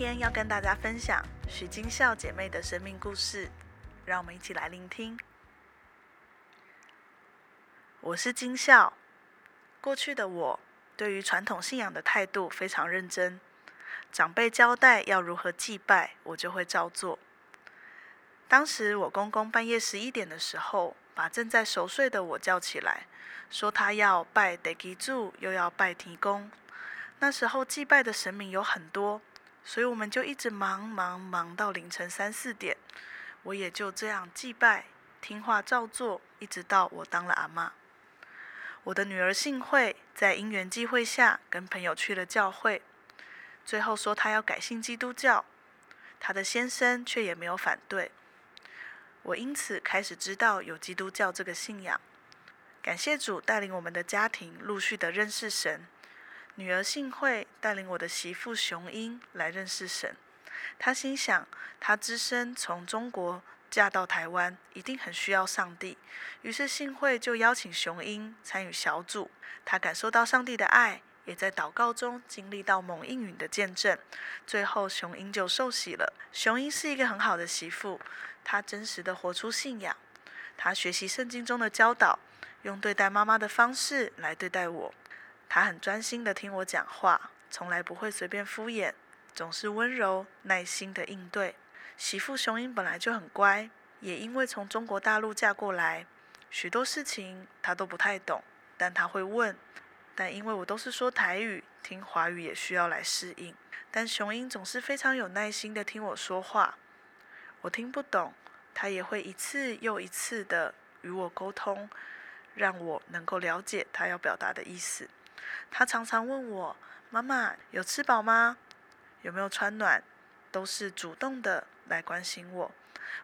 今天要跟大家分享許金笑姐妹的生命故事，讓我們一起來聆聽。我是金笑，過去的我對於傳統信仰的態度非常認真，長輩交代要如何祭拜，我就會照做。當時我公公半夜十一點的時候，把正在熟睡的我叫起來，說他要拜地基主，又要拜天公。那時候祭拜的神明有很多。所以我們就一直忙忙忙到凌晨三四點，我也就這樣祭拜、聽話照做，一直到我當了阿嬤。我的女兒幸慧在因緣際會下跟朋友去了教會，最後說她要改信基督教，她的先生卻也沒有反對。我因此開始知道有基督教這個信仰，感謝主帶領我們的家庭陸續的認識神。女兒幸惠帶領我的媳婦雄鷹來認識神，她心想，她只身從中國嫁到台灣，一定很需要上帝，於是幸惠就邀請雄鷹參與小組，她感受到上帝的愛，也在禱告中經歷到蒙應允的見證，最後雄鷹就受洗了。雄鷹是一個很好的媳婦，她真實的活出信仰，她學習聖經中的教導，用對待媽媽的方式來對待我。他很專心地聽我講話，從來不會隨便敷衍，總是溫柔耐心地應對。媳婦熊英本來就很乖，也因為從中國大陸嫁過來，許多事情他都不太懂，但他會問。但因為我都是說台語，聽華語也需要來適應。但熊英總是非常有耐心地聽我說話，我聽不懂，他也會一次又一次地與我溝通，讓我能夠了解他要表達的意思。他常常問我：“媽媽有吃飽嗎？有沒有穿暖？”都是主動的來關心我。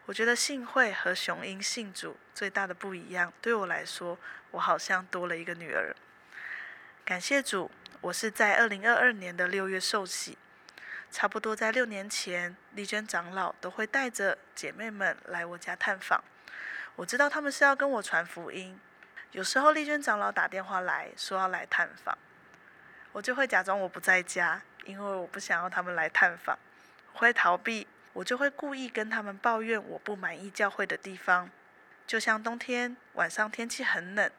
我覺得信會和雄鷹信主最大的不一樣，對我來說，我好像多了一個女兒。感謝主，我是在二零二二年的六月受洗，差不多在六年前，麗娟長老都會帶着姐妹們來我家探訪。我知道他們是要跟我傳福音。有時候麗娟長老打電話來說要來探訪，我就會假裝我不在家，因為我不想要他們來探訪，我會逃避。我就會故意跟他們抱怨我不滿意教會的地方，就像冬天晚上天氣很冷，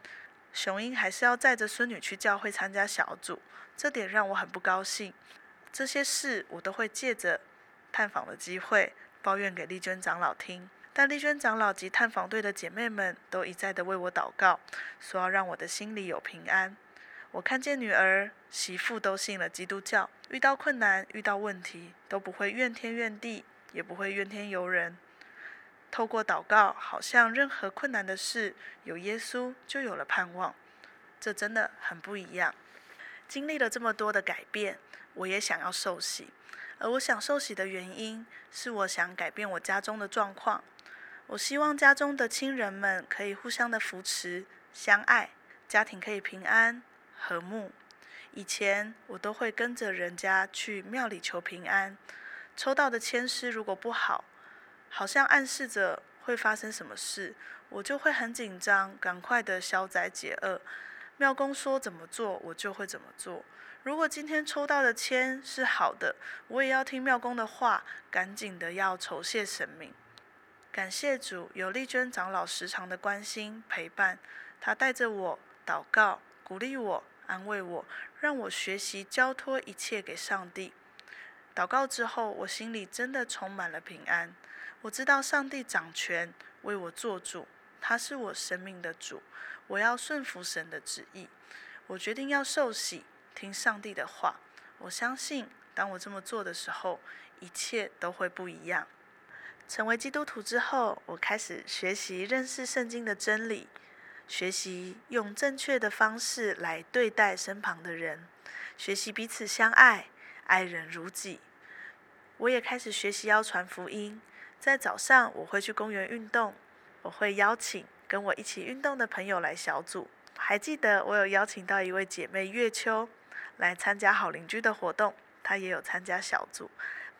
雄鷹還是要載着孫女去教會參加小組，這點讓我很不高興。這些事我都會借着探訪的機會抱怨給麗娟長老聽。但麗娟長老及探訪隊的姐妹們都一再地為我禱告，說要讓我的心裡有平安。我看見女兒、媳婦都信了基督教，遇到困難、遇到問題都不會怨天怨地，也不會怨天尤人。透過禱告，好像任何困難的事，有耶穌就有了盼望，這真的很不一樣。經歷了這麼多的改變，我也想要受洗，而我想受洗的原因，是我想改變我家中的狀況。我希望家中的親人們可以互相的扶持、相愛，家庭可以平安和睦。以前我都會跟着人家去廟裡求平安，抽到的籤詩如果不好，好像暗示着會發生什麼事，我就會很緊張，趕快的消災解厄。廟公說怎麼做，我就會怎麼做。如果今天抽到的籤是好的，我也要聽廟公的話，趕緊的要酬謝神明。感謝主，有麗娟長老時常的關心陪伴，她帶著我禱告，鼓勵我，安慰我，讓我學習交托一切給上帝。禱告之後，我心裡真的充滿了平安。我知道上帝掌權，為我做主，他是我生命的主。我要順服神的旨意。我決定要受洗，聽上帝的話。我相信，當我這麼做的時候，一切都會不一樣。成為基督徒之後，我開始學習認識聖經的真理，學習用正確的方式來對待身旁的人，學習彼此相愛，愛人如己。我也開始學習要傳福音。在早上，我會去公園運動，我會邀請跟我一起運動的朋友來小組。還記得我有邀請到一位姐妹月秋來參加好鄰居的活動，她也有參加小組。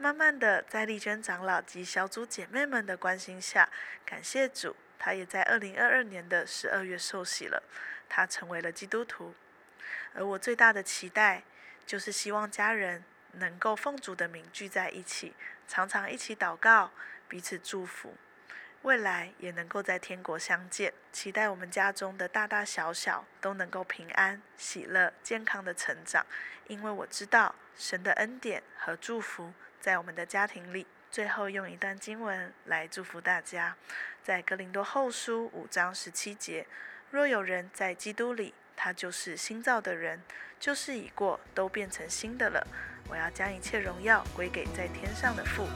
慢慢的，在麗娟長老及小組姐妹們的關心下，感謝主，她也在二零二二年的十二月受洗了，她成為了基督徒。而我最大的期待，就是希望家人能夠奉主的名聚在一起，常常一起禱告，彼此祝福，未來也能夠在天國相見。期待我們家中的大大小小都能夠平安、喜樂、健康的成長，因為我知道神的恩典和祝福。在我們的家庭裡，最後用一段經文來祝福大家。在哥林多後書五章十七節：“若有人在基督裡，他就是新造的人，舊事已過，都變成新的了。”我要將一切榮耀歸給在天上的父。